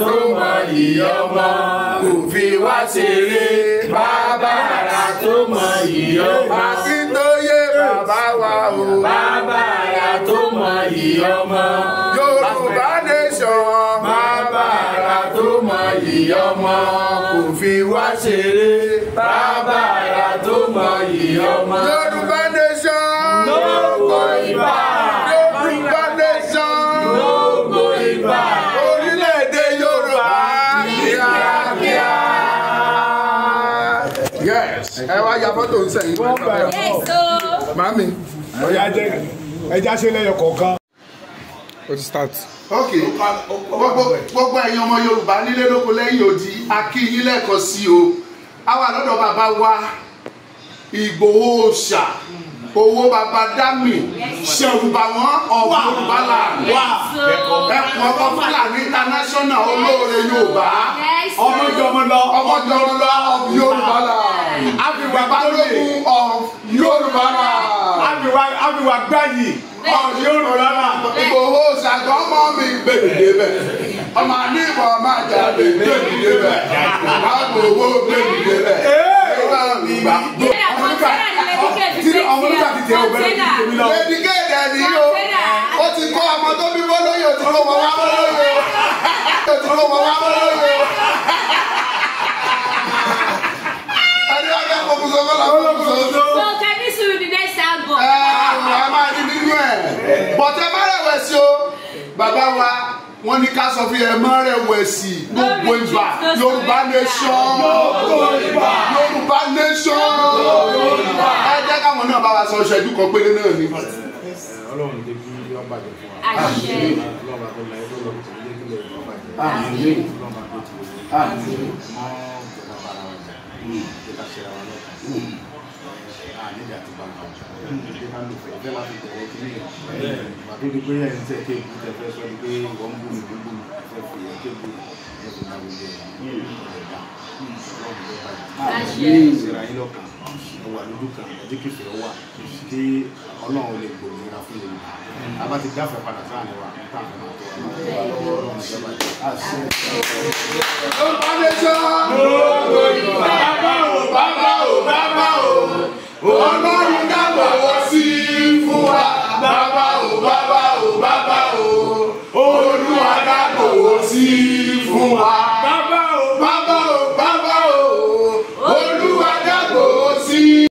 tó mọ iyì ọmọ kò fi wá ṣeré bàbá àrà tó mọ iyì ọmọ. akíntóye bàbá wa o. bàbá àrà tó mọ iyì ọmọ. yorùbá nation. bàbá àrà tó mọ iyì ọmọ kò fi wá ṣeré bàbá àrà tó mọ iyì ọmọ. ẹ wá ya fọ́tò ń sẹ́yìn. wọ́n bá ẹ̀ fọ́ màmí. ọ̀yà jẹ́ ẹja ṣe lẹ́yọ kọ̀ọ̀kan. o ti start. ok gbogbo ẹ̀yin ọmọ Yorùbá nílé lóko lẹ́yìn odi a kí yín lẹ́ẹ̀kan sí o a wà lọ́dọ̀ bàbá wa Ìgbòho Òòṣà owó baba dami ṣẹ̀rùbà wọn ọ̀gbọ̀n olùbálà wà ẹ̀kọ́ ọkọ fúlàní international olóore yorùbá ọmọjọmọlọ ọmọjọmọlọ ọbí ẹrù àgbáyé ọ̀rọ̀ yóò rò rárá. Ìgbòho ṣàgbọ́n mọ́ mi bèbè débẹ̀. Ọmọ àní ìbọn ọmọ àjà bèbè débẹ̀. Àgbò owó bèbè débẹ̀. Ìwà mi gbàgbó. Ọmọ nígbà tí tiẹ̀ òbẹ̀rẹ̀ ti tèmi lọ. Ẹ̀dígẹ́ẹ̀dì ẹ̀dí yóò. Ó ti kọ́ ọmọ tó bí wọ́n lóye òtún ló wọ́n wá wọ́n lóye. Òtún ló wọ́n wá wọ́n lóye. bọ̀tẹ́ má rẹ̀wẹ̀sì o bàbá wa wọ́n ní ká sọ fún yẹn má rẹ̀wẹ̀sì gbogbo ìgbà yorùbá nation yorùbá nation ẹ jẹ́ káwọn náà bá wa sọ ṣẹ́jú kan péré náà ní. ọlọ́run dé bí wọ́n bàjẹ́ fún wa. àṣẹ ọlọ́run bá tó la ẹgbẹ́ lọ́wọ́ tó ń lé kílẹ̀ ìlú ọ̀bàjẹ́. àṣẹ ọlọ́run bá tó ti wọlé. àṣẹ mọ́ ìjọba ara wa jà kí ká ṣe ara wa lọ́kàn àníjà ti bá wọn ṣe máa ń lò fẹ́ máa fi tẹ̀lé kí ní ẹ̀ pàtó ni pé ẹ̀ ń tẹ̀ kéèkù tẹ̀ fẹ́ sọ ni pé wọ́n ń bù mí gbogbo mi fẹ́ fi ẹ̀ kéèkù ẹ̀ fi máa wọlé ẹ̀ dá lọ́dún ìsira yín lọ́kàn ẹ̀ wà lójú kan ẹ̀jẹ̀ kìfẹ́ wà kí ọlọ́run lè gbòmìnira fún mi a bá ti dáfẹ́ padà sáàni wa táwọn máa tó wà lọ́wọ́ ọlọ́run ìjọba yìí. ó ń Who are